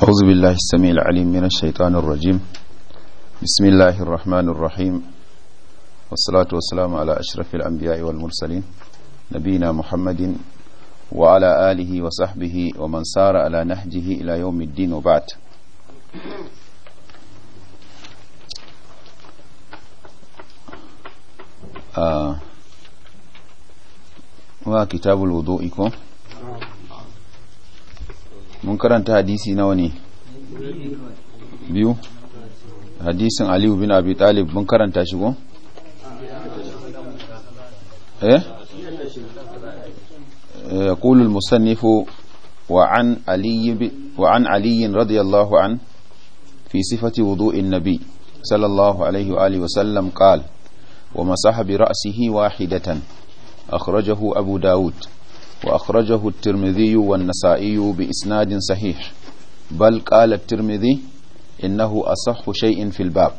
أعوذ بالله السميع العليم من الشيطان الرجيم بسم الله الرحمن الرحيم والصلاة والسلام على أشرف الأنبياء والمرسلين نبينا محمد وعلى آله وصحبه ومن سار على نهجه إلى يوم الدين وبعد آه وكتاب الوضوء mun karanta hadisi nawa ne biyu hadisin aliyu bin abi talib mun karanta shi gun eh? eh, ya kulu musannifu wa an aliyin radiyallahu an fi sifati wudu'in nabi sallallahu alaihi wa wasallam qal wa masaha bi ra'sihi wahidatan akhrajahu abu dawud وأخرجه الترمذي والنسائي بإسناد صحيح بل قال الترمذي إنه أصح شيء في الباب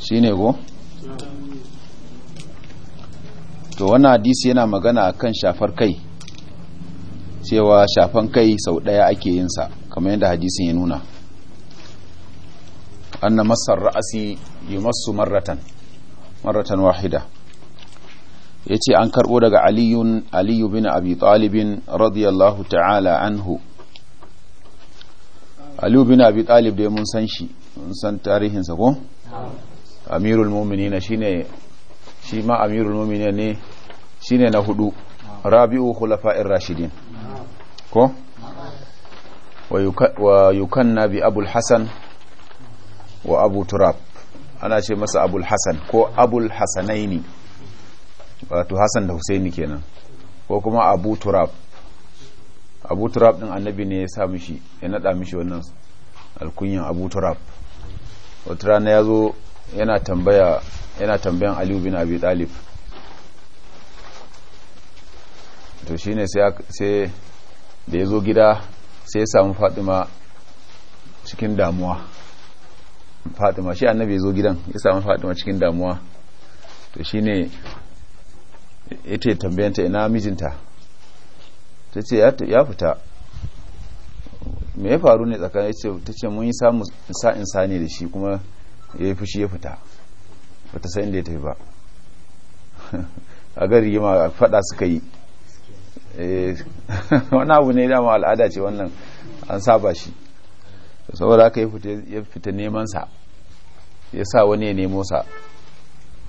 شينيغو to wannan hadisi yana magana akan shafar kai cewa shafan kai sau ɗaya ake yin sa kamar yadda hadisin ya nuna anna masar ra'asi yumassu marratan marratan wahida ya ce an karbo daga aliyun aliyu bin abi talibin radiyallahu ta'ala anhu aliyu bin abi talib da mun san shi mun san tarihinsa ko amirul mu'minin shine shi ma amirul ne shine na hudu rabi'u khulafa'ir rashidin ko wa yukanna bi abul hasan wa abu turab ana ce masa abul hasan ko abul hasanaini wato hassan da husaini kenan ko kuma abu turab abu turab din annabi ne ya sa mishi ya nada mishi wannan alkunyan abu turab wata rana ya zo yana tambaya yana tambayan aliyu bin abi talib to ne sai da ya zo gida sai ya samu fatima cikin damuwa fatima shi annabi ya zo gidan ya samu fatima cikin damuwa to shi ne. ita tambayanta ina mijinta ta ce ya fita me ya faru ne tsakanin ce ta ce mun yi samu sa'in sani da shi kuma ya yi fushi ya fita ba ta sayin da ya tafi ba a gari yi ma fada suka yi eh, wani abu ne dama al'ada ce wannan an saba shi saboda aka ya fita nemansa ya sa wani ya nemo sa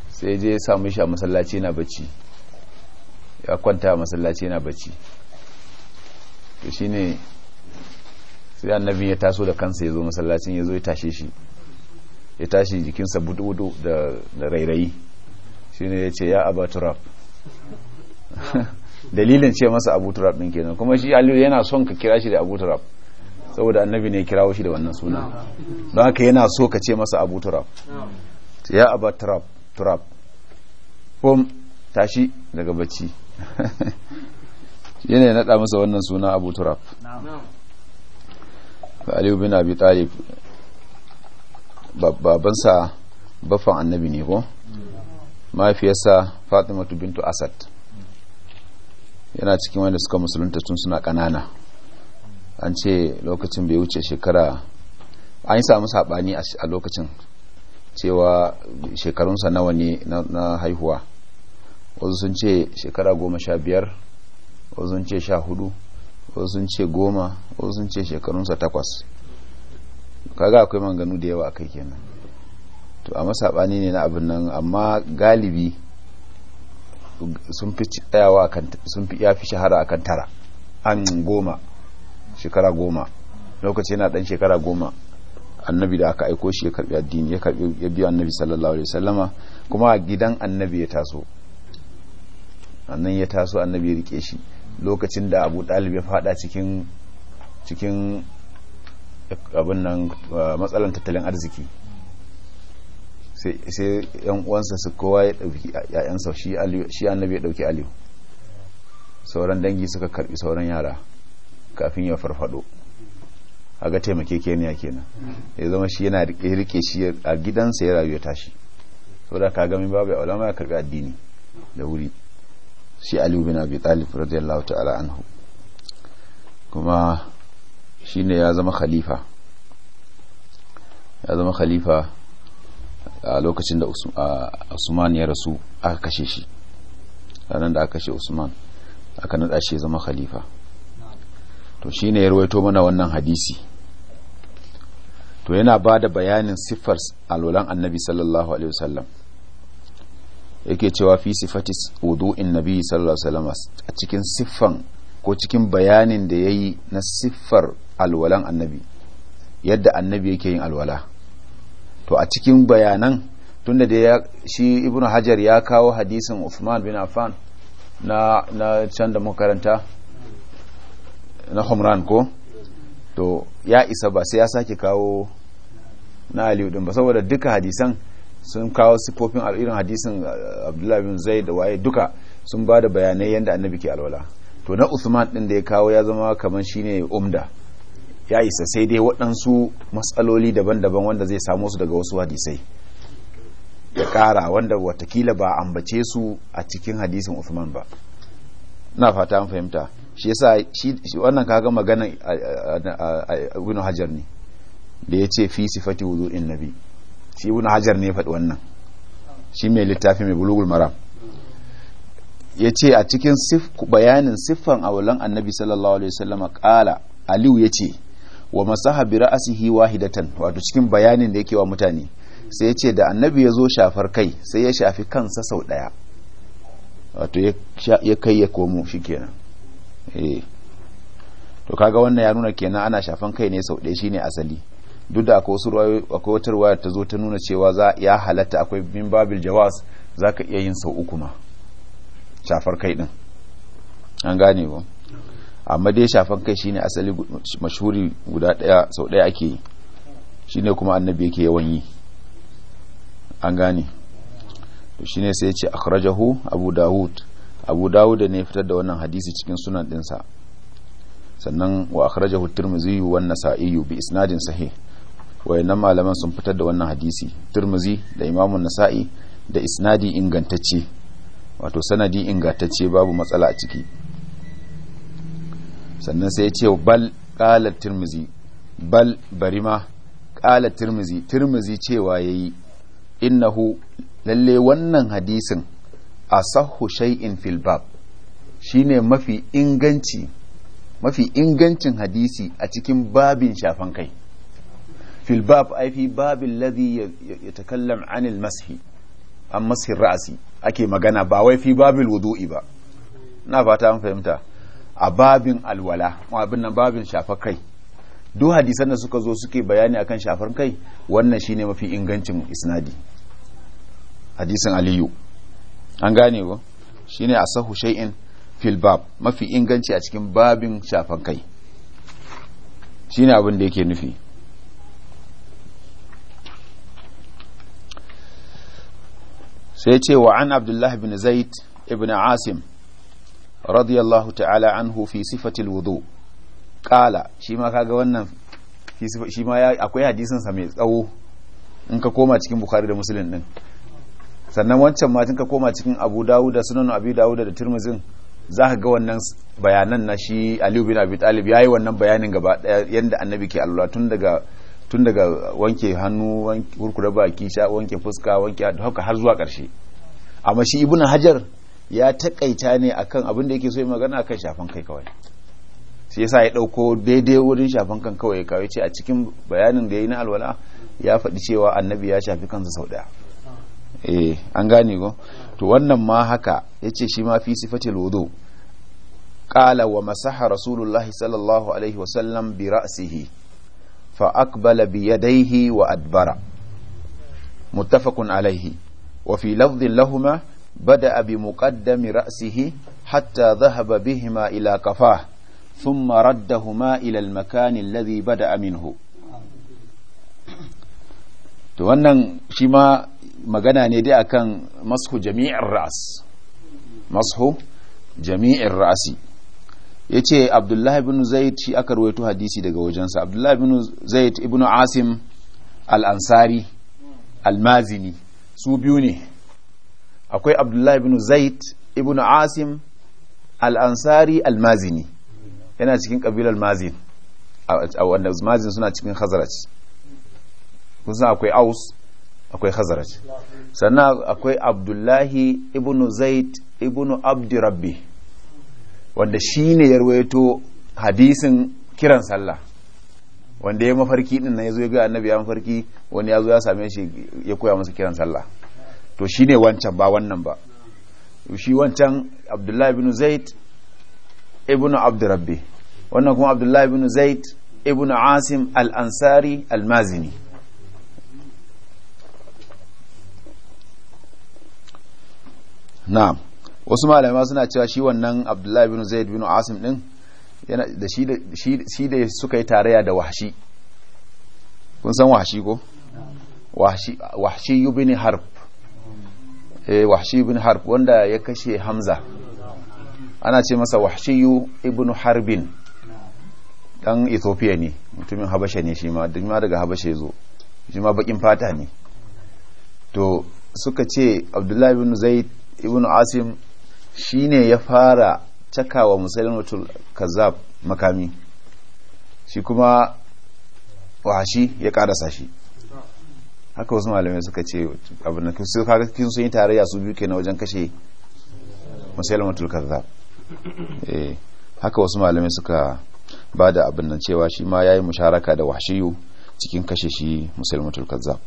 sai je ya samu shi a masallaci na bacci ya kwanta masallaci yana bacci to shine sai annabi ya taso da kansa ya zo masallacin ya zo ya tashe shi ya tashi jikinsa budu da rairayi shine ya ce ya abu dalilin ce masa abu din kenan kuma shi aliyu yana son ka kira shi da abu saboda annabi ne kirawo shi da wannan suna don haka yana so ka ce masa abu ya abu turaf turab kom tashi daga bacci yana ya naɗa masa wannan suna abu turab aliyu bin abi talib babansa baffan annabi ne ko mafiyarsa fatimatu bintu asad yana cikin wanda suka musulunta tun suna ƙanana an ce lokacin bai wuce shekara an yi samu saɓani a lokacin cewa shekarunsa nawa ne na haihuwa wasu sun ce shekara goma sha biyar wasu sun ce sha hudu wasu sun ce goma wasu sun ce shekarunsa takwas kaga akwai manganu da yawa kai kenan to a masabani ne na abin nan amma galibi sun fi tsayawa kan sun fi ya fi shahara akan tara an goma shekara goma lokaci yana dan shekara goma annabi da aka aiko shi ya karbi addini ya karbi ya biya annabi sallallahu alaihi wasallama kuma gidan annabi ya taso annan ya taso annabi ya rike shi lokacin da abu dalib ya fada cikin cikin abin nan ah, matsalan tattalin arziki sai yan uwansa su kowa ya dauki yayansa shi annabi ya dauki aliyu sauran dangi suka karbi sauran yara kafin ya farfado aga keniya kenan ya zama shi yana rike shi a gidansa ya rayu ya tashi saboda ka gami babu ya ulama ya karbi addini da wuri shi aliyu bin abi talib radiyallahu ta'ala anhu kuma shi ne ya zama khalifa ya zama khalifa a lokacin da usman ya rasu aka kashe shi ranar da aka kashe usman aka nada shi zama khalifa to shi ne ya rawaito mana wannan hadisi to yana ba da bayanin siffar alwalan annabi sallallahu alaihi wasallam yake cewa fi sifati in nabi sallallahu alaihi wasallam a cikin siffan ko cikin bayanin da yayi na siffar alwalan annabi yadda annabi yake yin alwala to a cikin bayanan tunda da shi ibnu hajar ya kawo hadisin Uthman bin Afan na na can da makaranta na Humran ko to ya isa ba sai ya sake kawo na Aliyu din ba saboda duka hadisan sun kawo sifofin irin hadisin uh, abdullahi bin zai da waye duka sun ba da bayanai yadda annabi ke alwala to na usman din da ya kawo ya zama kamar shine umda ya isa sai dai waɗansu matsaloli daban-daban wanda zai samo su daga wasu hadisai ya ƙara wanda watakila ba ambace su a cikin hadisin usman ba na fata an fahimta shi yasa shi wannan kaga magana ibn hajar ne da ya ce fi sifati wuzu'in nabi shi ibn hajar ne faɗi wannan shi mai littafi mai bulugul maram ya ce a cikin bayanin siffan awalan annabi sallallahu alaihi wasallama ƙala aliyu ya ce wa masaha bi ra'asihi wahidatan wato cikin bayanin da yake wa mutane sai ya ce da annabi ya zo shafar kai sai ya shafi kansa sau daya wato ya kai ya komo shi eh to kaga wannan ya nuna kenan ana shafan kai ne sau ɗaya shine asali duk da akwai wasu akwai wata ruwaya ta zo ta nuna cewa za ya halatta akwai bin babil jawaz ka iya yin sau uku ma shafar kai din an gane ba amma dai shafar kai shine asali mashuri guda daya sau daya ake yi shine kuma annabi yake yawan yi an gane to shine sai ya ce akhrajahu abu dawud abu dawud ne fitar da wannan hadisi cikin sunan dinsa sannan wa akhrajahu tirmidhi wa an-nasa'i bi isnadin sahih wayannan malaman sun fitar da wannan hadisi turmuzi da imamun nasa'i da isnadi ingantacce wato sanadi ingantacce babu matsala a ciki sannan sai ya ce bal ƙalar turmuzi bal barima ƙalar turmuzi turmuzi cewa ya yi innahu lalle wannan hadisin a sahu shay'in filbab shine mafi inganci mafi ingancin hadisi a cikin babin shafan kai في الباب أي في باب الذي يتكلم عن المسح عن مسح الرأس أكي مغانا باوي في باب الوضوء با نفاتا فهمتا أباب الولا وابن باب شافكي duk hadisan da suka zo suke bayani akan shafar kai wannan shine mafi ingancin isnadi hadisan aliyu an gane ba shine asahu shay'in fil bab mafi inganci a cikin babin shafan kai shine abin da yake nufi sai ce wa an abdullahi bin zaid ibn asim radiyallahu ta'ala anhu fi sifatil wudu kala shi ma kaga wannan shi ma akwai hadisin mai tsawo in ka koma cikin bukhari da muslim din sannan wancan ma ka koma cikin abu dawud da sunan abu dawud da turmuzin za ka ga wannan bayanan na shi aliyu bin abu talib ya yi wannan bayanin gaba daya yadda annabi ke alula tun daga tun daga wanke hannu wurkura baki sha wanke fuska wanke haka har zuwa ƙarshe amma shi ibnu hajar ya takaita ne akan abin da yake so magana akan shafan kai kawai sai yasa ya dauko daidai wurin shafan kan kawai kawai ce a cikin bayanin da ya yi na alwala ya faɗi cewa annabi ya shafi kansa sau ɗaya eh an gane go to wannan ma haka yace shi ma fi sifatil wudu qala wa masaha rasulullahi sallallahu alaihi wasallam bi ra'sihi fa aqbala bi yadayhi wa adbara muttafaqun alaihi wa fi lafdhin lahumā bada'a bi muqaddami ra'sihi hatta dhahaba bihima ila kafah thumma raddahuma ilal al-makan alladhi bada'a minhu to wannan shi ma magana ne dai akan mashu jami'in ra'as mashu jami'in ra'asi ya ce abdullahi bin zaid shi aka rawaito hadisi daga wajensa abdullahi bin zaid ibn asim al-ansari al-mazini su biyu ne akwai abdullahi bin zaid ibn asim al-ansari al-mazini yana cikin kabilar mazin wanda mazin suna cikin khazaraj kusan akwai aus akwai khazaraj sannan akwai abdullahi ibn zaid ibn abdi rabbi wanda shi ne ya ruwaito hadisin kiran sallah wanda ya mafarki din nan ya zo ya ga annabi ya mafarki wani ya zo ya same shi ya koya masa kiran sallah to shi ne wancan ba wannan ba shi wancan abdullahi bin zaid ibn abdurrabbi wannan kuma abdullahi bin zaid ibn asim al-ansari al-mazini na'am wasu malama suna cewa shi wannan abdullahi bin zaid bin asim din da shi da suka yi tarayya da wahshi kun san wahshi ko wahshi ibn harb eh wahshi ibn harb wanda ya kashe hamza ana ce masa wahshi ibn harbin dan ethiopia ne mutumin habasha ne shi ma daga habasha ya zo shi ma bakin fata ne to suka ce abdullahi bin zaid ibn asim shine ya fara cakawa musulmatul kazzab makami shi kuma wahashi ya karasa shi haka wasu malamai suka ce abin da su kaga kin sun yi tarayya su biyu kenan wajen kashe musulmatul kazzab eh haka wasu malamai suka ba da abin nan cewa shi ma yayi musharaka da wahshiyu cikin kashe shi musulmatul kazzab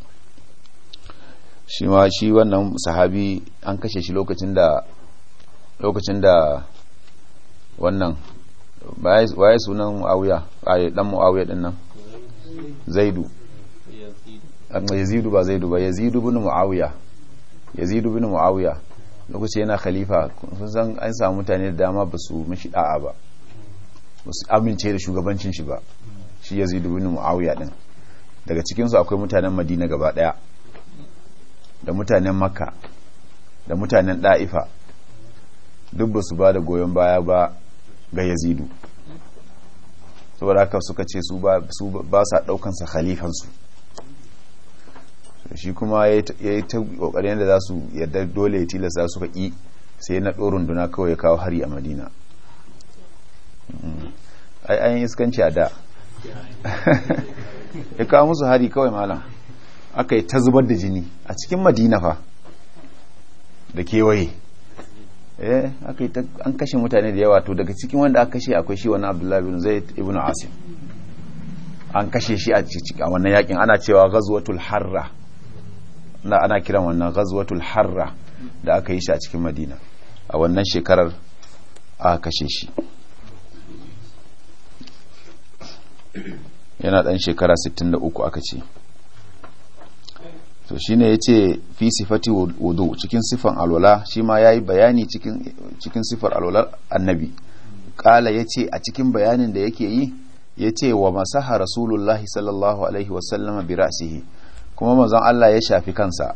shi ma shi wannan sahabi an kashe shi lokacin da lokacin da wannan waye sunan muawiya a dan muawiya din nan zaidu yazidu ba zaidu ba yazidu bin muawiya yazidu bin muawiya lokaci yana khalifa sun san an samu mutane da dama ba su mishi da'a ba ba su amince da shugabancin shi ba shi yazidu bin muawiya din daga cikinsu akwai mutanen madina gaba daya da mutanen makka da mutanen da'ifa duk ba su ba da goyon baya ba ga yazidu saboda haka suka ce su ba sa daukansa khalifansu shi kuma ya yi ta kokarin yadda za su yadda dole ya tilasta su kaki sai na ɗorin duna kawai ya kawo hari a madina mm. ai ayin iskanci a da ya kawo musu hari kawai malam aka yi ta zubar da jini a cikin madina fa da kewaye eh aka yi an kashe mutane da yawa to daga cikin wanda aka kashe akwai shi wani abdullahi bin zaid ibn asim an kashe shi a cikin wannan yakin ana cewa ghazwatul harra na ana kiran wannan ghazwatul harra da aka yi shi a cikin madina a wannan shekarar aka kashe shi yana dan shekara 63 aka ce to ya ce fi sifati wudu cikin sifan alwala shi ma ya yi bayani cikin sifar alwalar annabi kala ya ce a cikin bayanin da yake yi ya ce wa masaha rasulullahi sallallahu alaihi wasallama bi ra'sihi kuma manzon Allah ya shafi kansa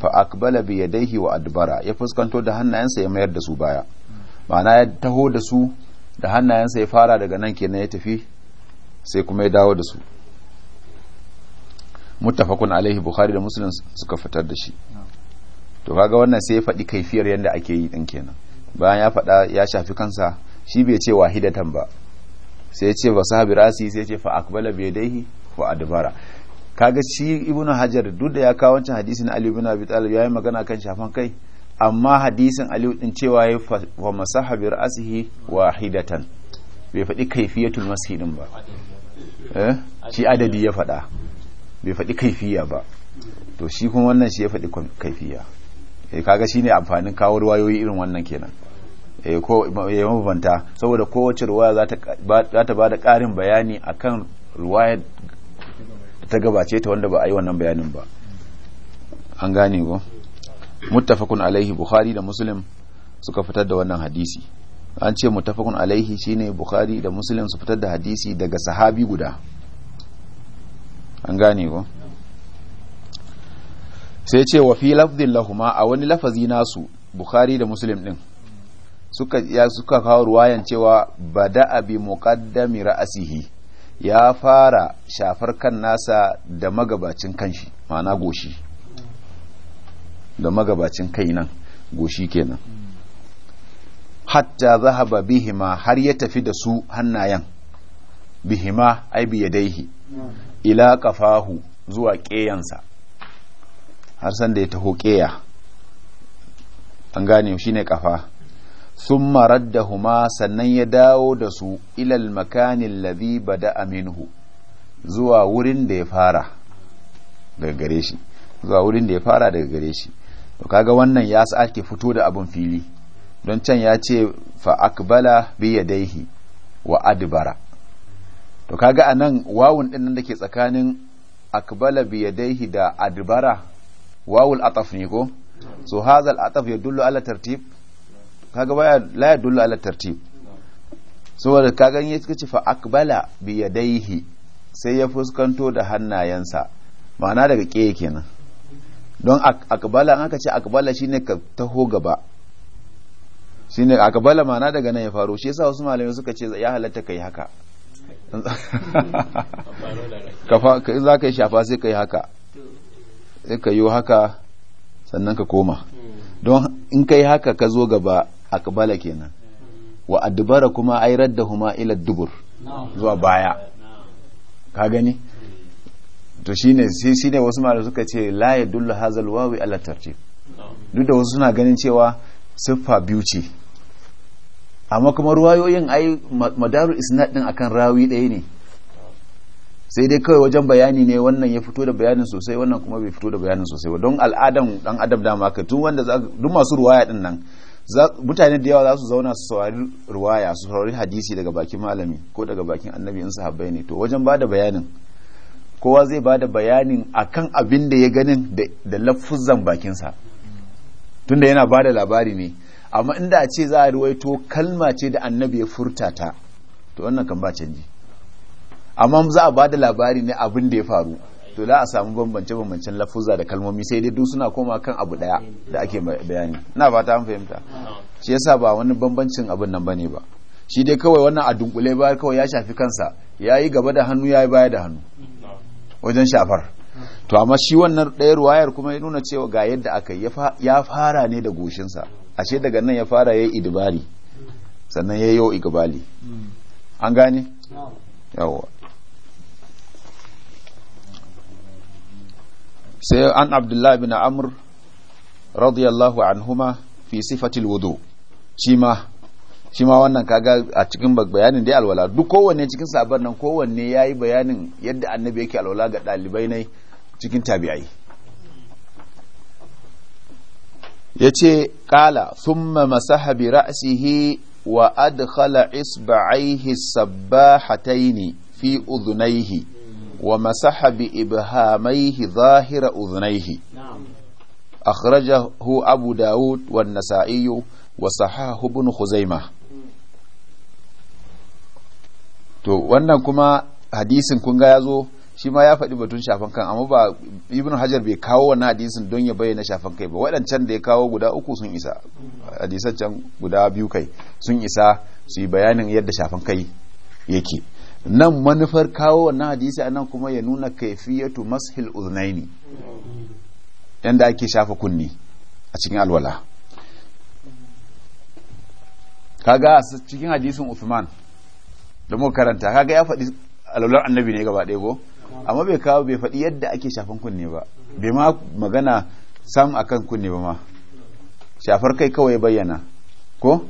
fa akbala bi yadayhi wa adbara ya fuskanto da hannayensa ya mayar da su baya ma'ana ya taho da su da hannayensa ya fara daga nan kenan ya tafi sai kuma ya dawo da su muttafaqun alaihi bukhari da muslim suka fitar da shi to kaga wannan sai ya faɗi kaifiyar yadda ake yi din kenan bayan ya faɗa ya shafi kansa shi bai ce wahidatan ba sai ya ce ba sahabi rasi sai ya ce fa akbala bai daihi wa adbara kaga shi ibnu hajar duk da ya kawo wancan hadisin ali ibn abi talib yayi magana kan shafan kai amma hadisin ali din cewa ya wa masahabi ra'sihi wahidatan bai faɗi kaifiyatul mashi din ba eh shi adadi ya faɗa bai faɗi kaifiya ba to shi kuma wannan shi ya faɗi kaifiya eh kaga shine amfanin kawo ruwayoyi irin wannan kenan eh ko ya eh, mabanta saboda kowace ruwaya za ta ba da ƙarin bayani akan ruwayar ta gabace ta wanda ba a yi wannan bayanin ba an gane ko muttafaqun alaihi bukhari da muslim suka fitar da wannan hadisi an ce muttafaqun alaihi shine bukhari da muslim su fitar da hadisi daga sahabi guda an gane ko sai ce wa fi lafzin lahuma a wani lafazi nasu bukhari da muslim din suka ya suka kawo ruwayan cewa bada abi muqaddami ra'asihi ya fara shafar kan nasa da magabacin kanshi mana goshi da magabacin kai nan goshi kenan hatta zahaba bihima har ya tafi da su hannayen bihima ai biyadaihi ila kafahu zuwa ƙeyansa har sanda ya taho ƙeya an gane shi ne kafa sun marar da huma sannan ya dawo da su ilal makanin labi da aminhu zuwa wurin da ya fara daga gare shi zuwa wurin da ya fara daga gare shi to kaga wannan ya ake fito da abin fili don can ya ce fa akbala bi yadaihi wa adbara to kaga anan wawun ɗin nan ke tsakanin akbala biyadaihi da adbara wawul ataf ne ko so hazal ataf ya dullu ala tartib kaga baya la dullu ala tartib saboda kaga in yake ce fa akbala bi yadayhi sai ya fuskanto da hannayensa ma'ana daga ke kenan don akbala an aka ce akbala shine ka taho gaba shine akbala ma'ana daga nan ya faro shi yasa wasu malamai suka ce ya halatta kai haka in za ka yi shafa sai ka yi haka sai ka yi haka sannan ka koma don in ka yi haka ka zo gaba a kabala kenan wa addubara kuma airar da huma ila dubur zuwa baya ka gani to shine shi ne wasu mara suka ce laye dullu hazal wawi ala tartib duk da wasu suna ganin cewa siffa biyu ce amma kuma ruwayoyin ai madaru isnad din akan rawi ɗaya ne sai dai kawai wajen bayani ne wannan ya fito da bayanin sosai wannan kuma bai fito da bayanin sosai ba don al'adan dan adam da maka tun wanda za duk masu ruwaya din nan mutane da yawa za su zauna su saurari ruwaya su saurari hadisi daga bakin malami ko daga bakin annabi in sahabbai ne to wajen ba da bayanin kowa zai ba da bayanin akan abin da ya ganin da lafuzzan bakinsa tunda yana ba da labari ne amma inda a ce za a ruwaito kalma ce da annabi ya furta ta to wannan kan ba canji amma za a ba da labari ne abin da ya faru to za a samu bambance-bambancen lafuza da kalmomi sai dai duk suna koma kan abu daya da ake bayani ina fata an fahimta shi yasa ba wani bambancin abin nan bane ba shi dai kawai wannan a dunkule ba kawai ya shafi kansa ya yi gaba da hannu ya yi baya da hannu wajen shafar to amma shi wannan ɗaya wayar kuma ya nuna cewa ga yadda aka ya fara ne da goshinsa ashe daga nan ya fara ya yi idibari sannan ya yi igibali an gane sai an abdullahi bin amur radiyallahu anhuma fi sifatil wudu shi ma wannan kaga a cikin bayanin ya alwala duk kowanne cikin sabon nan kowanne ya yi bayanin yadda annabi yake alwala ga ɗalibai na cikin tabi'ai ya ce ƙala thumma masaha bi ra'sihi wa adkhala isba'aihi sabbahataini fi uzunaihi wa masaha ibhamaihi zahira udhunaihi akhrajahu abu dawud wan nasa'i wa sahahu ibn khuzaimah hmm. to wannan kuma hadisin kun ga yazo shi ma ya faɗi batun shafan kan amma ba ibn hajar bai kawo wannan hadisin don ya bayyana shafan kai ba waɗancan da ya kawo guda uku sun isa hadisan guda biyu kai sun isa su yi bayanin yadda shafan kai yake nan manufar kawo wannan hadisi a nan kuma ya nuna kaifiyatu mashil uznaini yanda ake shafa kunni a cikin alwala kaga cikin hadisin Uthman da mu karanta kaga ya faɗi alwalar annabi ne gaba ɗaya ko amma bai kawo bai faɗi yadda ake shafan kunne ba bai ma magana sam kan kunne ba ma shafar kai kawai bayyana ko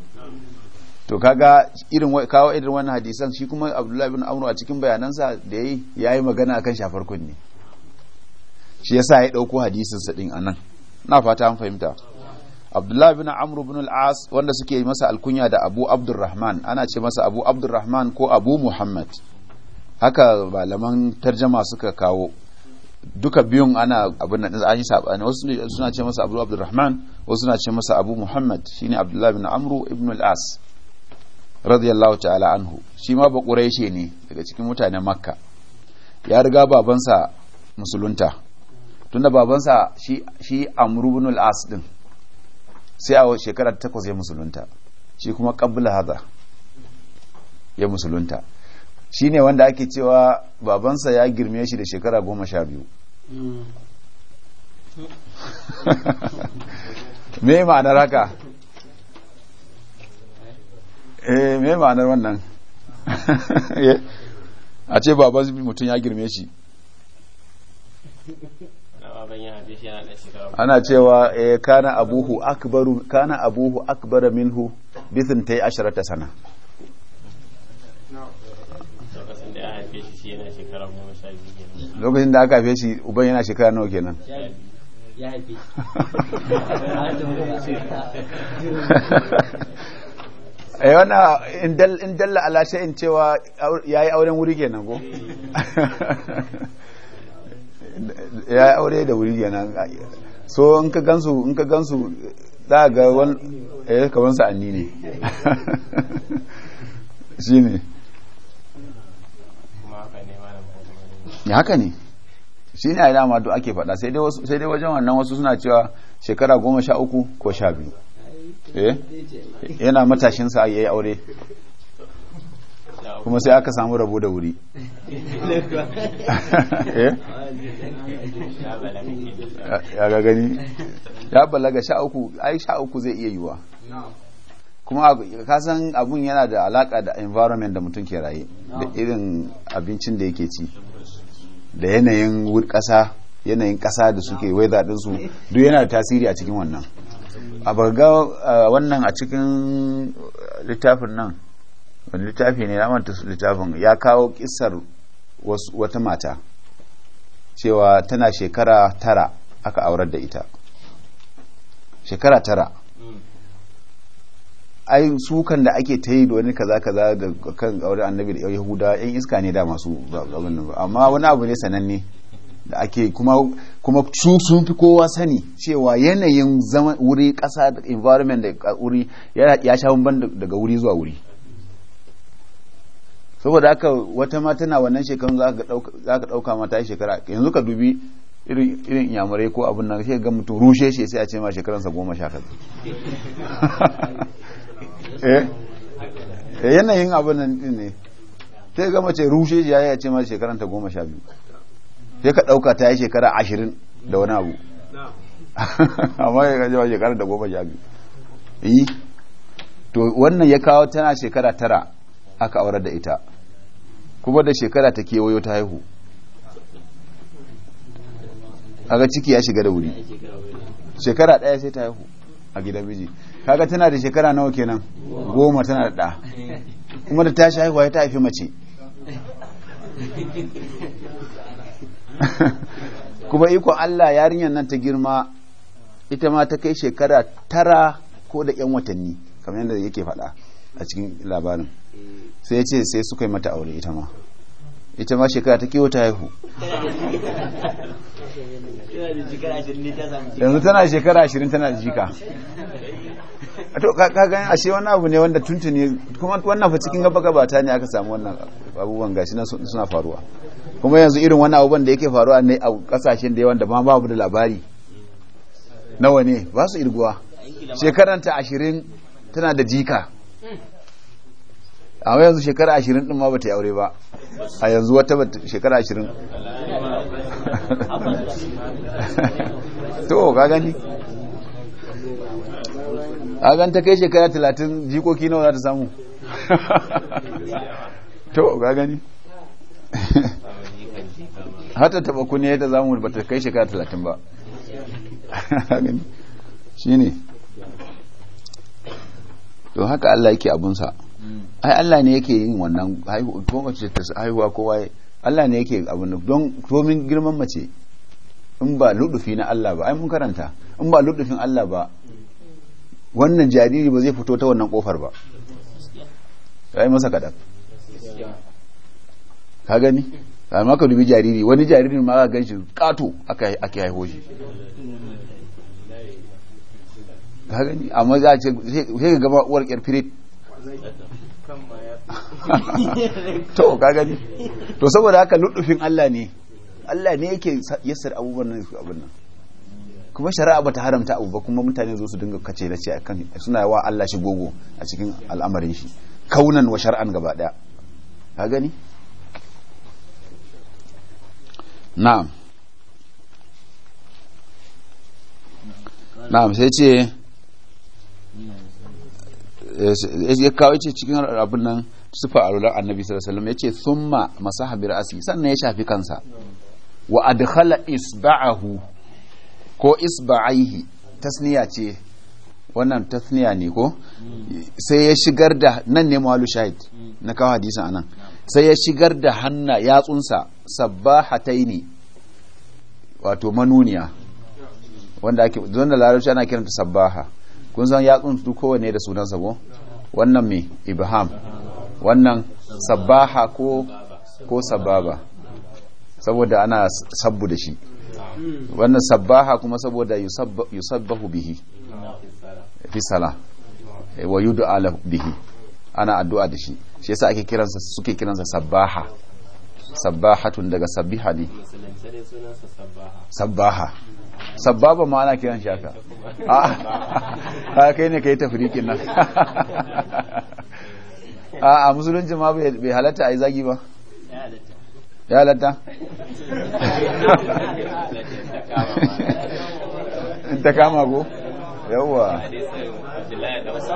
to kaga irin kawo irin wannan hadisan shi kuma abdullahi bin amru a cikin bayanansa da yayi yayi magana akan shafar kunne shi yasa ya ɗauko hadisin sa din anan na fata an fahimta abdullahi bin amru bin al-as wanda suke masa alkunya da abu abdurrahman ana ce masa abu abdurrahman ko abu muhammad haka malaman tarjama suka kawo duka biyun ana abin nan an yi sabani wasu suna ce masa Abu rahman wasu suna ce masa Abu Muhammad shine abdullahi bin Amru ibn al-As radiyallahu ta'ala anhu shi ma ba shi ne daga cikin mutanen Makka ya riga babansa musulunta tunda babansa shi shi Amru ibn al din sai a shekara ta takwas ya musulunta shi kuma qabla hadha ya musulunta Shi ne wanda ake cewa babansa ya girme shi da shekara goma sha biyu me ma'anar haka eh me ma'anar wannan a ce baban mutum ya girme shi ana cewa eh, kana abuhu akbaru kana abuhu akbara minhu tai 12 sana lokacin da aka haife shi uban yana shekara nawa kenan ya haife eh, wana in dalla ala sha'in cewa yi auren wuri kenan ko ya yi aure da wuri kenan so in ka gansu in ka gansu za ga wani eh kamar sa'anni ne ya haka ne shi ne a dama to ake faɗa sai dai wajen wannan wasu suna cewa shekara goma sha uku ko sha biyu eh? yana matashinsa ya yi aure kuma sai aka samu rabo da wuri eh? ya ga gani ya balaga sha uku ai sha uku zai iya yiwa kuma kasan abun yana da alaka da environment da mutum ke raye da irin abincin da yake ci da yanayin kasa yanayin kasa da suke wai weather su duk yana da tasiri a cikin wannan a barga wannan a cikin littafin nan wani littafi ne na manta littafin ya kawo kisar wata mata cewa tana shekara tara aka aurar da ita shekara tara ai sukan da ake ta yi da wani kaza kaza da kan aure annabi da yahuda yan iska ne da masu zaɓen amma wani abu ne sananne da ake kuma kuma sun fi kowa sani cewa yanayin zama wuri ƙasa environment da wuri ya sha ban daga wuri zuwa wuri saboda haka wata ma tana wannan shekarun za ka ɗauka mata shekara yanzu ka dubi irin inyamurai ko abin nan sai ga mutum rushe shi sai a ce ma shekaransa goma sha kaza Eh? eh yanayin abin nan din ne sai ga mace rushe ya ya ce ma shekaran ta goma sha biyu sai ka ɗauka ta yi shekara ashirin da wani abu amma ya gajewa shekarar da goma sha biyu yi eh? to wannan ya kawo tana shekara tara aka aurar da ita kuma da shekara ta kewayo ta haihu A ga ciki ya shiga da wuri shekara ɗaya sai ta haihu a gidan miji kaga tana da shekara nawa kenan goma tana da ɗa kuma da tashi haihuwa ta haifi mace kuma iko Allah yarinyar nan ta girma ita ma ta kai shekara tara ko da 'yan watanni kamar yadda yake faɗa a cikin labarin sai ce sai suka yi mata aure ita ma ita ma shekara ta kiwo ta haihu yanzu tana shekara ashirin tana jika to kaga ashe wani abu ne wanda tuntuni kuma wannan fa cikin gaba gabata ne aka samu wannan abubuwan gashi na suna faruwa kuma yanzu irin wani abubuwan da yake faruwa ne a kasashen da yawan da ba babu da labari nawa ne ba su irguwa ta ashirin tana da jika amma yanzu shekara ashirin din ma bata yaure aure ba a yanzu wata shekara ashirin to ka gani a gan ta kai shekara talatin jikoki nawa za ta samu to ga gani hata taba ya ta zamu ba ta kai shekara talatin ba shi ne to haka Allah yake abunsa ai Allah ne yake yin wannan ko mace ta haihuwa kowa Allah ne yake abun don tomin girman mace in ba ludufi na Allah ba ai mun karanta in ba ludufin Allah ba wannan jariri ba zai fito ta wannan kofar ba rai masa kaɗan ka gani amma ka dubi jariri wani jaririn ma ga ganshi kato ake haiho shi ka gani amma za a ce sai ka gaba uwar kyarfire to ka gani to saboda haka ludufin Allah ne Allah ne yake yassar abubuwan nan abin nan kuma shari'a bata haramta abu ba kuma mutane zo su dinga kace da ce akan suna wa Allah shi gogo a cikin al'amarin shi kaunan wa shar'an gaba daya ka gani na'am na'am sai ce eh, ya kawo ce cikin abin nan sufa alular annabi sallallahu alaihi wasallam yace summa masu bi ra'si sannan ya shafi kansa wa adkhala isba'ahu ko isba'aihi tasniya ce wannan tasniya ne ko sai ya shigar da nan ne mawalu shahid na kawo hadisin anan sai ya shigar da hanna yatsunsa ne wato manuniya wanda ake wanda larabci ana kiranta sabbaha kun san yatsun su kowanne da sunan sabo wannan me ibham wannan sabbaha ko ko sababa saboda ana sabbu da shi wannan sabbaha kuma saboda yusabbahu bihi fi sala eh, wa yud'a lahu bihi ana addu'a da shi shi yasa ake kiransa suke kiransa sabbaha sabbahatun daga sabbiha ne sabbaha sabbaba ma ana kiran shi haka a ah, ah, kai ne ka yi tafrikin nan ah, a musulunci ma bai halatta a yi zagi ba ya lata. ta kama ko yawwa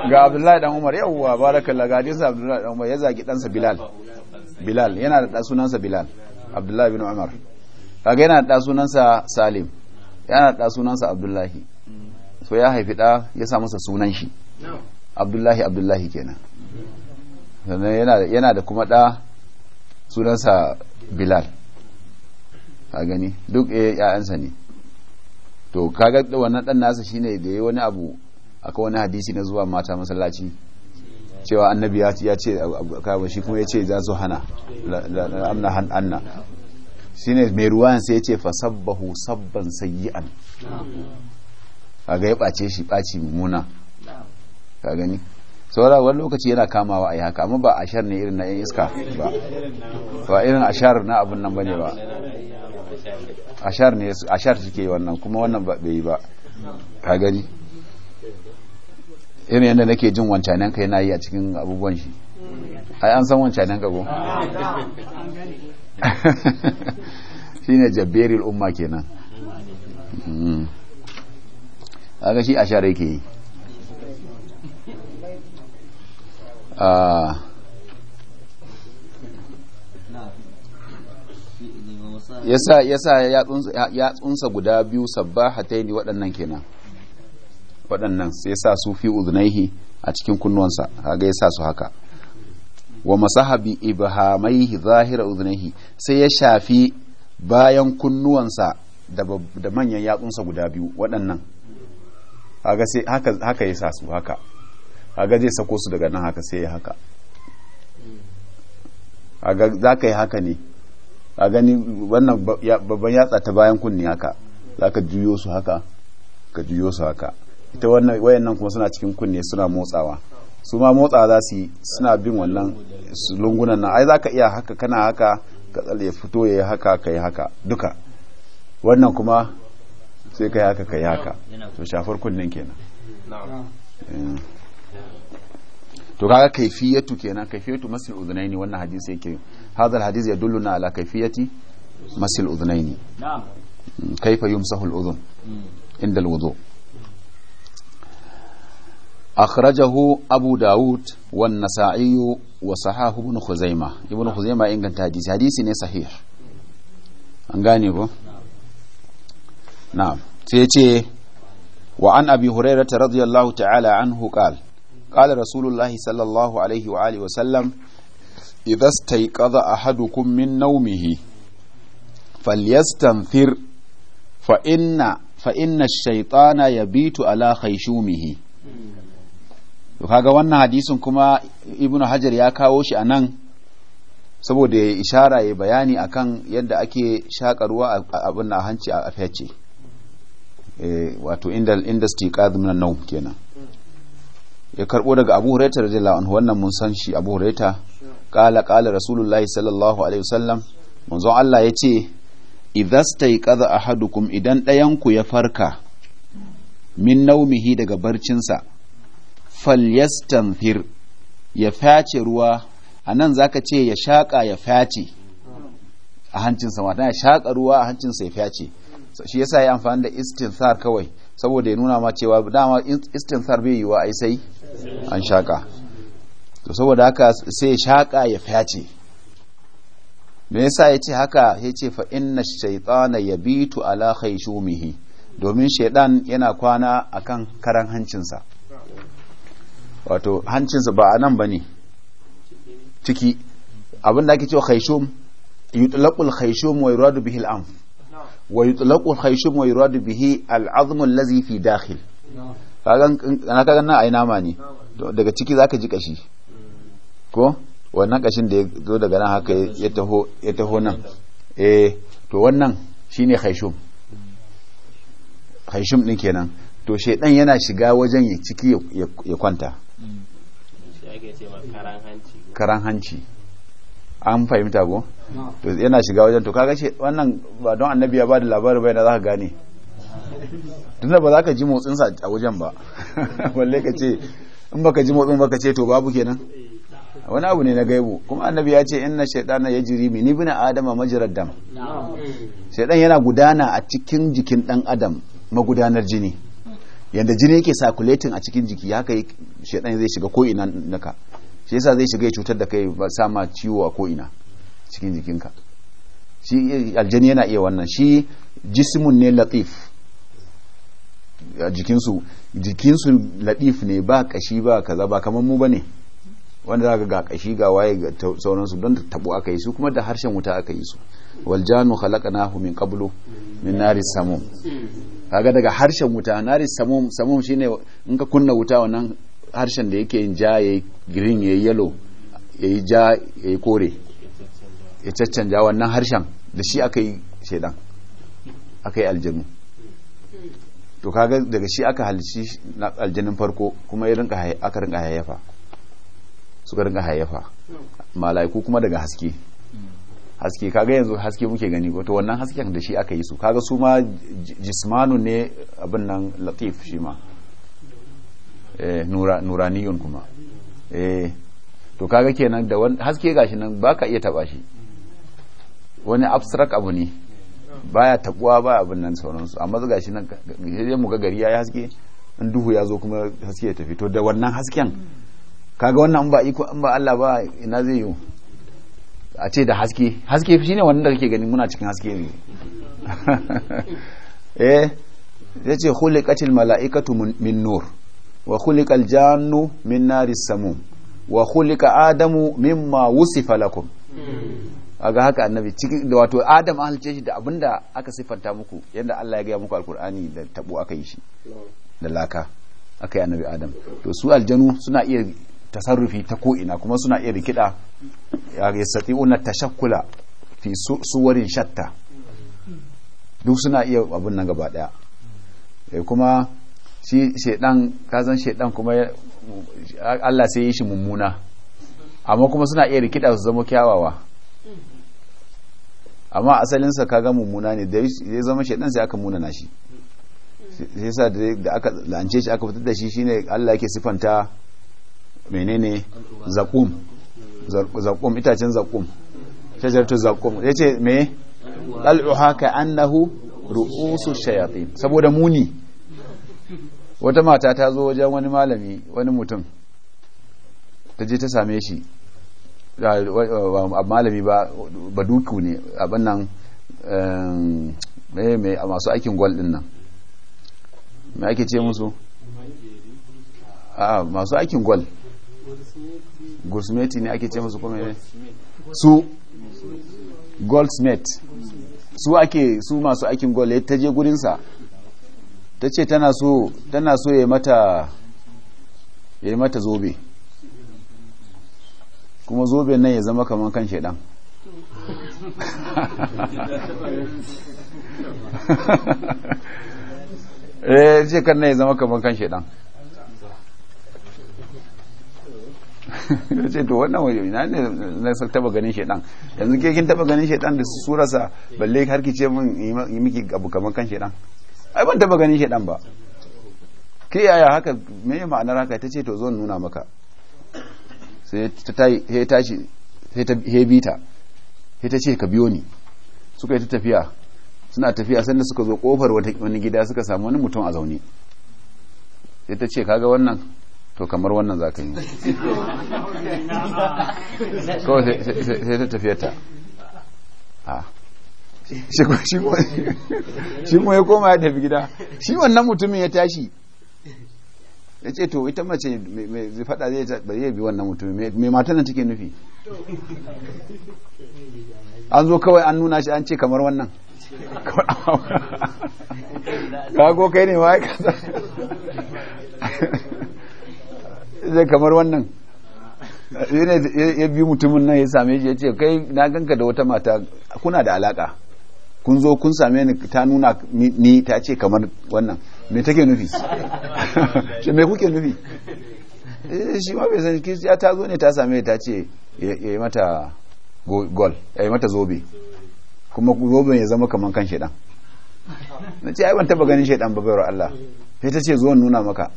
ga abdullahi dan umar yawwa barakallah ga hadisi abdullahi dan umar ya dan sa bilal bilal yana da sunansa bilal abdullahi bin umar kaga yana da sunansa salim yana da sunansa abdullahi so ya haifi da ya sa masa sunan shi abdullahi abdullahi kenan sannan yana da kuma da sunansa bilal ka gani duk eh, ya'yansa ne to kaga wannan dan nasa shine da yi wani abu akwai wani hadisi na zuwa mata masallaci cewa annabi ya ce kawo shi kuma ya ce za su hana amna han anna ne mai ruwan sai ya ce fasabbahu sabban sayyi'an ga ya ɓace shi ɓaci mummuna ka gani saboda wani lokaci yana kamawa a yi haka amma ba shar ne irin na yan iska ba ba irin shar na abun nan bane ba shar ne shar suke wannan kuma wannan ba bai yi ba ka gani irin yadda nake jin wancanen ka yana yi a cikin abubuwan shi ai an san wancanen ka ko shine jabberil umma kenan hmm. a ga shi shar yake yi Uh, yasa yasa ya tsunsa guda biyu sabba hataini waɗannan kenan waɗannan sai sa su fi uznaihi a cikin kunnuwansa kaga yasa su haka wa masahabi ibhamaihi zahira uznaihi sai ya shafi bayan kunnuwansa da manyan yatsunsa guda biyu waɗannan haka ya sa su haka kaga zai sako su daga nan haka sai ya haka aga za ka yi haka ne a gani wannan babban yatsa ta bayan kunni haka za ka juyo su haka ka juyo su haka ita wannan wayannan kuma suna cikin kunne suna motsawa su ma motsa za su suna bin wannan lungunan nan ai za ka iya haka kana haka ka tsale ya fito ya yi haka ka yi haka duka wannan kuma sai ka yi haka ka yi haka to shafar kunnen kenan eh. to kaga kaifiyatu kenan kaifiyatu masil udhunaini wannan hadisi yake hadha alhadith yadulluna ala kaifiyati masil udhunaini na'am mm, kaifa yumsahu aludhun mm. inda alwudu akhrajahu abu daud wa nasa'i wa sahahu ibn khuzaimah ibn khuzaimah inganta hadisi hadisi ne sahih an gane ko na'am sai ce wa an abi hurairah radiyallahu ta'ala anhu qala قال رسول الله صلى الله عليه وآله وسلم إذا استيقظ أحدكم من نومه فليستنثر فإن فإن الشيطان يبيت على خيشومه kaga wannan hadisin kuma ibnu hajar ya kawo shi a nan saboda ya ishara ya bayani akan yadda ake shakarwa abin na hanci a fece wato inda stiqad min nau kenan ya karbo daga Abu Hurairah radiyallahu anhu wannan mun san shi Abu Hurairah kala kala Rasulullahi sallallahu alaihi wasallam manzon Allah ya yace idza staiqadha ahadukum idan ɗayan ku ya farka min naumihi daga barcinsa falyastanfir ya face ruwa a nan zaka ce ya shaƙa ya face a hancinsa mata ya shaƙa ruwa a hancinsa ya face shi yasa ya amfani da istinthar kawai saboda ya nuna ma cewa dama istinsar bai yiwa ai sai an shaka to saboda haka sai shaƙa ya fyace me yasa ya ce haka ya ce fa inna shaitana ya bitu ala khayshumihi domin shaidan yana kwana akan karan hancinsa wato hancinsa ba a nan ba ne ciki abinda ake cewa khayshum yutlaqul khayshum wa yuradu bihi al wa yutlaqu khayshum wa yuradu bihi al'azmu allazi fi dakhil kagan na kagan nan ai nama ne daga ciki zaka ji kashi ko wannan kashin da ya zo daga nan haka ya taho ya taho nan eh to wannan shine khayshum khayshum din kenan to shaidan yana shiga wajen ya ciki ya kwanta karan hanci an fahimta ko to yana shiga wajen to kaga ce wannan ba don annabi ya bada labari ba na zaka gane tunda ba za ka ji motsin sa a wajen ba balle ka ce in baka ji motsin baka ce to babu kenan wani abu ne na gaibu kuma annabi ya ce inna shaytana yajri min ibn adam majrad dam shaytan yana gudana a cikin jikin dan adam magudanar jini yanda jini yake circulating a cikin jiki ya kai shaytan zai shiga ko ina naka shi yasa zai shiga ya cutar da kai ba sa ma ciwo a ko ina cikin jikinka shi aljani yana iya wannan shi jismun ne latif jikinsu jikinsu latif ne ba kashi ba kaza ba kamar mu bane wanda zaka ga kashi ga waye ga sauransu don tabo aka yi su kuma da harshen wuta aka yi su wal janu khalaqnahu min qablu min naris samum kaga daga harshen wuta naris samum samum shine in ka kunna wuta wannan harshen da yake yin ja ya yi green ya yi yellow ya yi ja ya yi kore ya caccanja wannan harshen da shi aka yi shaidan aka yi aljanu to kaga daga shi aka halishi na farko kuma aka rinka hayyafa suka rinka hayyafa malaiku kuma daga haske haske kaga yanzu haske muke gani ko to wannan hasken da shi aka yi su kaga su ma jismanu ne abin nan latif shi ma Eh, nuraniyun kuma eh to kaga kenan da haske gashi nan baka iya taba shi wani abstract abu ne baya takuwa ba abin nan sauransu amma ga shi nan sai mu ga gari yayi haske in duhu ya zo kuma haske ya tafi to da wannan hasken kaga wannan ba iko in ba Allah ba ina zai yi a ce da haske haske ne wannan da kake gani muna cikin haske ne eh yace khuliqatil mala'ikatu min nur wa khuliqa aljannu min nari samum wa khuliqa adamu mimma wusifa lakum ga haka annabi cikin wato adam an halice shi da abinda aka sifanta muku yadda Allah ya gaya muku alkur'ani da tabu aka yi shi da laka aka yi annabi adam to su aljanu suna iya tasarrufi ta ko ina kuma suna iya rikida ya una tashakkula fi suwarin shatta duk suna iya abun nan gaba daya eh kuma shi shedan kazan shedan kuma Allah sai yi shi mummuna amma kuma suna iya rikida su zama kyawawa amma asalinsa kaga mummuna ne da ya zama shedan sai aka munana shi sai yasa da aka lance shi aka fitar da shi shine Allah yake sifanta menene zakum zakum itacen zakum shajaratu zakum yace me dal'uha ka annahu ru'usu shayatin saboda muni wata mata ta zo wajen wani malami wani mutum ta je ta same shi malami ba duku ne abin nan mai masu aikin gwal din nan mai ake ce musu a ah, masu aikin gwal gursmeti ne ake ce musu kuma ne su goldsmith su ake su masu aikin gwal ta je gurinsa ta ce tana so ya mata ya mata zobe kuma zobe nan ya zama kamar kan shaidan eh ce kan nan ya zama kamar kan shaidan ya ce to wannan wajen na ne na taba ganin shaidan yanzu ke kin taba ganin shaidan da surasa balle har ki ce min yi miki abu kamar kan shaidan ai ban taba ganin shaidan ba ke yaya haka me ma'anar haka ta ce to zo nuna maka sai ta tashi sai ta shi sai ta ce ka biyo ni suka yi ta tafiya suna tafiya sanda suka zo kofar wani gida suka samu wani mutum a zaune sai ta ce kaga wannan to kamar wannan za ka yi kawai sai ta tafiya ta ah. shi kuma ya koma ya tafi gida shi wannan mutumin ya tashi ya ce to ita mace mai fada zai bari ya bi wannan mutumin mai matan nan take nufi an zo kawai an nuna shi an ce kamar wannan kago kai ne ma kasa zai kamar wannan ya bi mutumin nan ya same shi ya ce kai na ganka da wata mata kuna da alaka kun zo kun same ni ta nuna ni ta ce kamar wannan me take nufi shi me kuke nufi eh, shi ma bai san kirsiya ta zo ne ta same ta ce ya yi mata gol ya yi mata zobe kuma zobe ya zama kamar kan shaidan na ce ai ban taba ganin shaidan ba bayar Allah sai ta ce zo nuna maka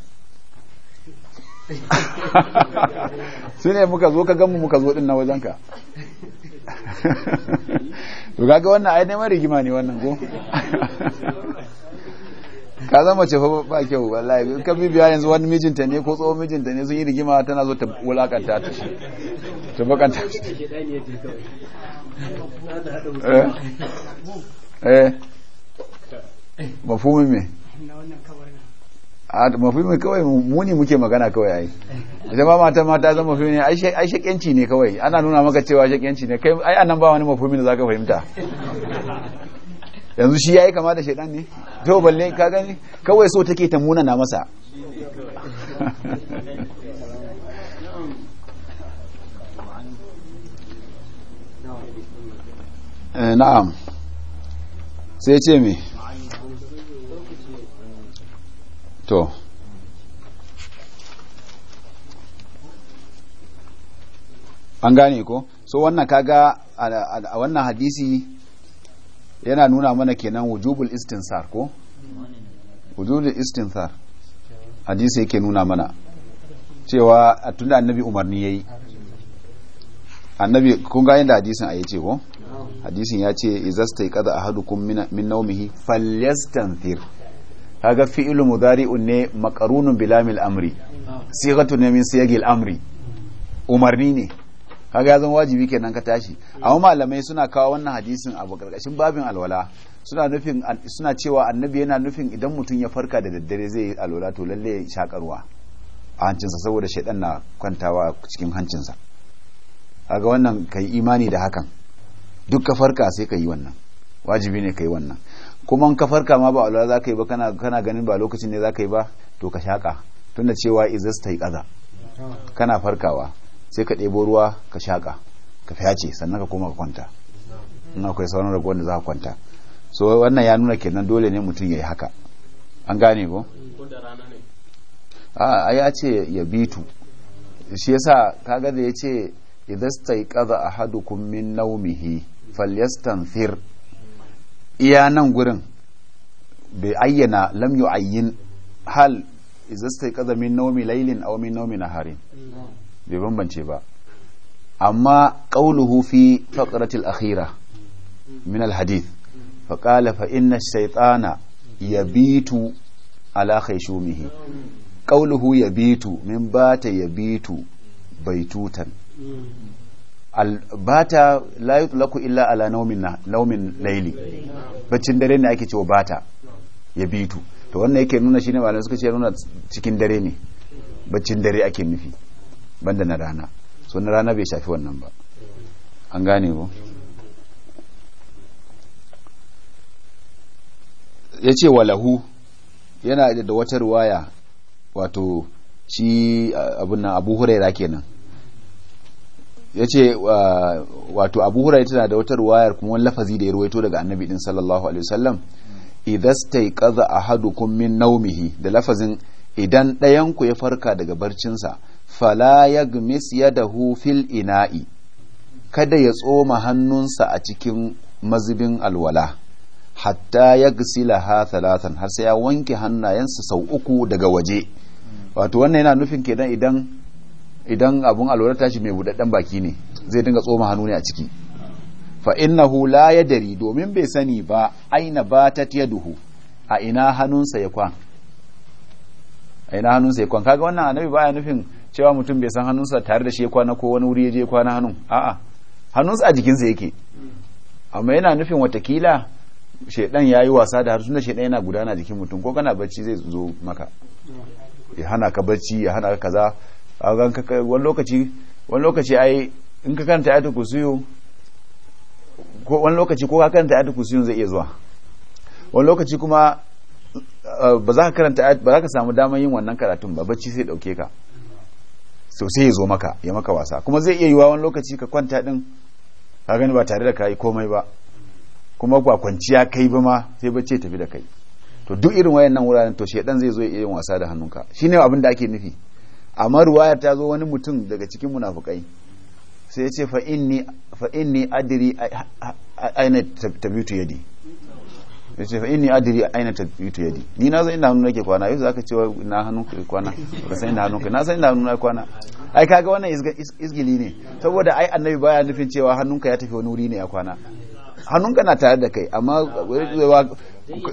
su ne muka zo ka gamu muka zo din na wajenka to kaga wannan ai neman rigima ne wannan ko ka zama ce fa ba kyau wallahi ka bibiya yanzu wani mijinta ne ko tsohon mijinta ne sun yi rigima tana zo ta wulakanta ta shi ta bakanta shi eh, eh. mafhumin me a mafhumin kawai ah, muni muke magana kawai ai idan ba mata mata zama mafumi ne ai shakenci ne kawai ana nuna maka cewa shakenci ne kai ai anan ba wani mafumi da zaka fahimta yanzu shi yayi kama da shedan ne to balle ka gani kawai so take ta muna na masa eh, na'am sai ce me to an gane ko so wannan kaga a wannan hadisi yana nuna mana kenan wujubul istinsar ko wujubul istinsar hadisi yake nuna mana cewa a tunda annabi umarni yayi annabi kun ga inda hadisin ayi ce ko hadisin ya ce izastai qada ahadukum min nawmihi falyastanthir kaga fi'lu mudari'un ne maqarunun bilamil amri sighatun min siyagil amri umarni ne kaga ya zama wajibi kenan ka tashi amma malamai suna kawo wannan hadisin abu karkashin babin alwala suna nufin suna cewa annabi yana nufin idan mutum ya farka da daddare zai yi alwala to lalle ya shakarwa a hancinsa saboda shaidan na kwantawa cikin hancinsa kaga wannan kai imani da hakan duk ka farka sai ka yi wannan wajibi ne ka yi wannan kuma ka farka ma ba alwala za ka yi ba kana ganin ba lokacin ne za ka yi ba to ka shaƙa tunda cewa izasta yi ƙaza kana farkawa sai ka ɗebo ruwa ka shaƙa ka fyace sannan ka koma ka kwanta in akwai sauran ragowar da za ka kwanta so wannan ya nuna kenan dole ne mutum ya yi haka an gane ko? a ya ce ya bitu shi yasa kaga da ya ce yi kaza a hadu min naumihi fir iya nan gurin bai ayyana lam ayyin hal yi kaza min naumi lailin aw min naumi na harin bai bambance ba amma ƙauluhu fi faƙaratul akhira min alhadith faƙala fa inna shaitana ya bitu ala khaishumihi ƙauluhu ya bitu min bata ya bitu baitutan bata la yutlaku illa ala naumin laili baccin dare ne ake cewa bata ya bitu to wannan yake nuna shine malamai suka ce nuna cikin dare ne baccin dare ake nufi banda na rana so na rana bai shafi wannan ba an gane ko ya ce walahu yana da wata ruwaya wato shi abin abu huraira kenan ya ce wato abu huraira tana da wata ruwayar kuma wani lafazi da ya ruwaito daga annabi din sallallahu alaihi wasallam yi kaza a kun min naumihi da lafazin idan ɗayanku ya farka daga barcinsa fala ya gmis yadahu fil ina'i kada ya tsoma hannunsa a cikin mazubin alwala hatta ya gisila ha talatan har sai ya wanke hannayensa sau uku daga waje wato wannan yana nufin kenan idan idan abun alwala tashi mai budadden baki ne zai dinga tsoma hannu ne a ciki fa innahu la yadri domin bai sani ba aina batat yaduhu a ina hannunsa ya kwan a ina hannunsa ya kwan kaga wannan annabi baya nufin cewa mutum bai san hannunsa tare da shi ya kwana ko wani wuri ya je kwana hannun a'a hannunsa a jikinsa yake amma yana nufin watakila shaidan ya yi wasa da harsunan shaidan yana gudana jikin mutum ko kana bacci zai zo maka ya hana ka bacci ya hana ka kaza a wani lokaci wani lokaci ai in ka kanta ayatu kusiyo ko wani lokaci ko ka karanta ayatu kusiyo zai iya zuwa wani lokaci kuma eh, ba za ka karanta ba za ka samu damar yin wannan karatun ba bacci sai dauke ka so sai ya zo maka ya maka wasa kuma zai iya yiwa wani lokaci ka kwanta din ka gani ba tare da ka yi komai ba kuma ba kwanciya kai ba ma sai ce tafi da kai to duk irin wayannan wuraren to shedan zai zo ya yi wasa da hannunka shine abin da ake nufi amma ruwayar ta zo wani mutum daga cikin munafukai sai ya ce fa inni fa inni adri aina tabitu yadi ya ce fa'in ni adiri aina bitu yadi ni na san inda hannu nake kwana yau zaka cewa na hannu kai kwana ka san inda hannu kai na san inda hannu na kwana ai kaga wannan isgili ne saboda ai annabi baya nufin cewa hannunka ya tafi wani wuri ne ya kwana hannunka na tare da kai amma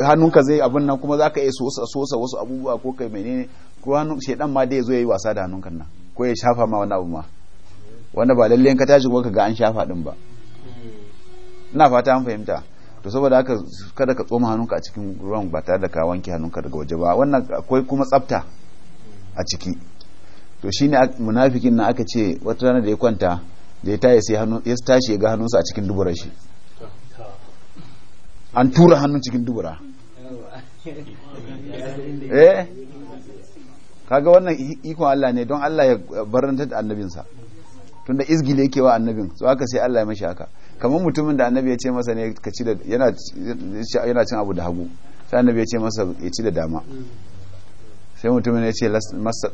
hannunka zai abin nan kuma zaka iya sosa sosa wasu abubuwa ko kai menene ko hannun shedan ma dai zo yayi wasa da hannunkan nan ko ya shafa ma wani abu ma wanda ba lalle ka tashi ka ga an shafa din ba ina fata an fahimta to saboda haka kada ka tsoma hannunka a cikin ruwan ba tare da ka wanke hannunka daga waje ba wannan akwai kuma tsafta a ciki to shine munafikin na aka ce wata rana da ya kwanta da ya tashi sai hannu ya tashi ya ga hannunsa a cikin dubura shi an tura hannun cikin dubura eh kaga wannan ikon Allah ne don Allah ya barantar da annabinsa tunda izgile yake wa annabin so haka sai Allah ya mashi haka kamar mutumin da annabi ya ce masa ne ka ci da yana cin abu da hagu sai annabi ya ce masa ya ci da dama sai mutumin ya ce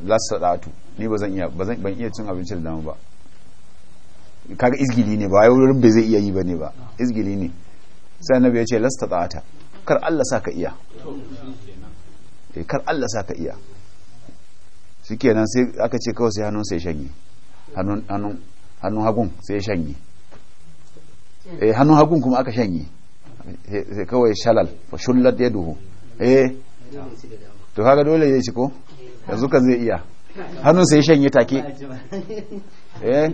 lasadatu ni ba zan iya ban iya cin abinci da dama ba kaga izgili ne ba wai rubbe zai iya yi bane ba izgili ne sai annabi ya ce lasadata kar Allah sa ka iya eh, kar Allah sa ka iya shikenan sai aka ce kawai sai hannun sai shanye hannun hagun sai shanye eh hannun hagun kuma aka shanye sai eh, eh, kawai shalal fa shullat yaduhu eh to haka dole zai shi ko yanzu kan zai iya hannun sai shanye take eh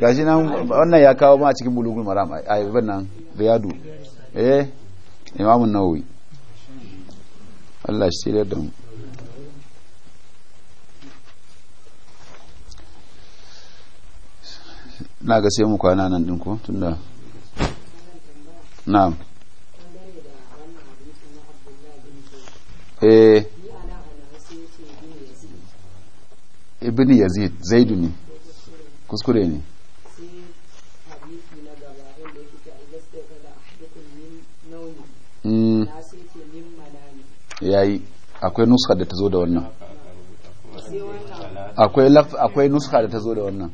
gashi nan wannan ya kawo ma a cikin bulugul maram ai wannan nan yadu eh imamun nawawi Allah shi da mu na ga sai mu kwana nan din ko tunda na'am eh ibn yazid zaidu ne kuskure ne hmm. yayi akwai nuska da ta zo da wannan akwai laf akwai nuska da ta zo da wannan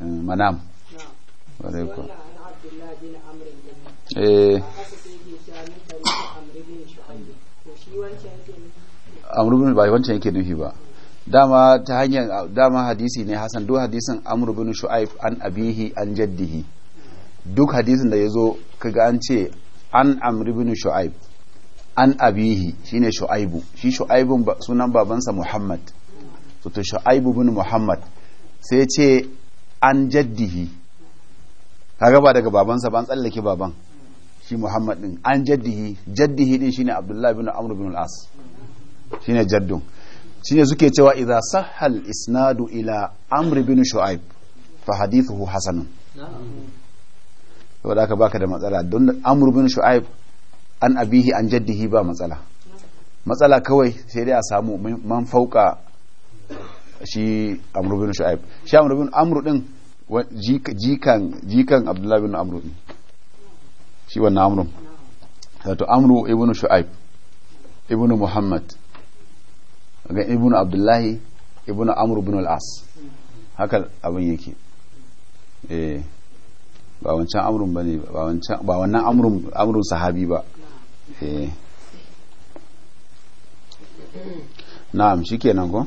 eh, manam wa alaikum Eh, amrubin ba wancan yake nufi ba dama ta hanyar dama hadisi ne hasan duk hadisin amru bin shu'aib an abihi an jaddihi duk hadisin da ya zo kaga an ce an amru bin shu'aib an abihi shine shu'aibu shi shu'aibun sunan babansa muhammad so to shu'aibu bin muhammad sai ce an jaddihi kaga ba daga babansa an tsallake baban shi Muhammad din an jaddihi jaddihi din shine Abdullah bin Amr bin al-As shine jaddun shine suke cewa idza sahhal isnadu ila Amr bin Shu'aib fa hadithuhu hasanun saboda aka baka da matsala don Amr bin Shu'aib an abihi an jaddihi ba matsala matsala kawai sai dai a samu man fauka shi Amr bin Shu'aib shi Amr bin Amr din jikan jikan Abdullah bin Amr din shi wannan amrun wato amru ibnu shu'aib ibnu muhammad ga ibnu abdullahi ibnu amru ibn al-as haka abin yake eh ba wancan amrun bane ba wancan ba wannan amrun sahabi ba eh na'am shikenan ko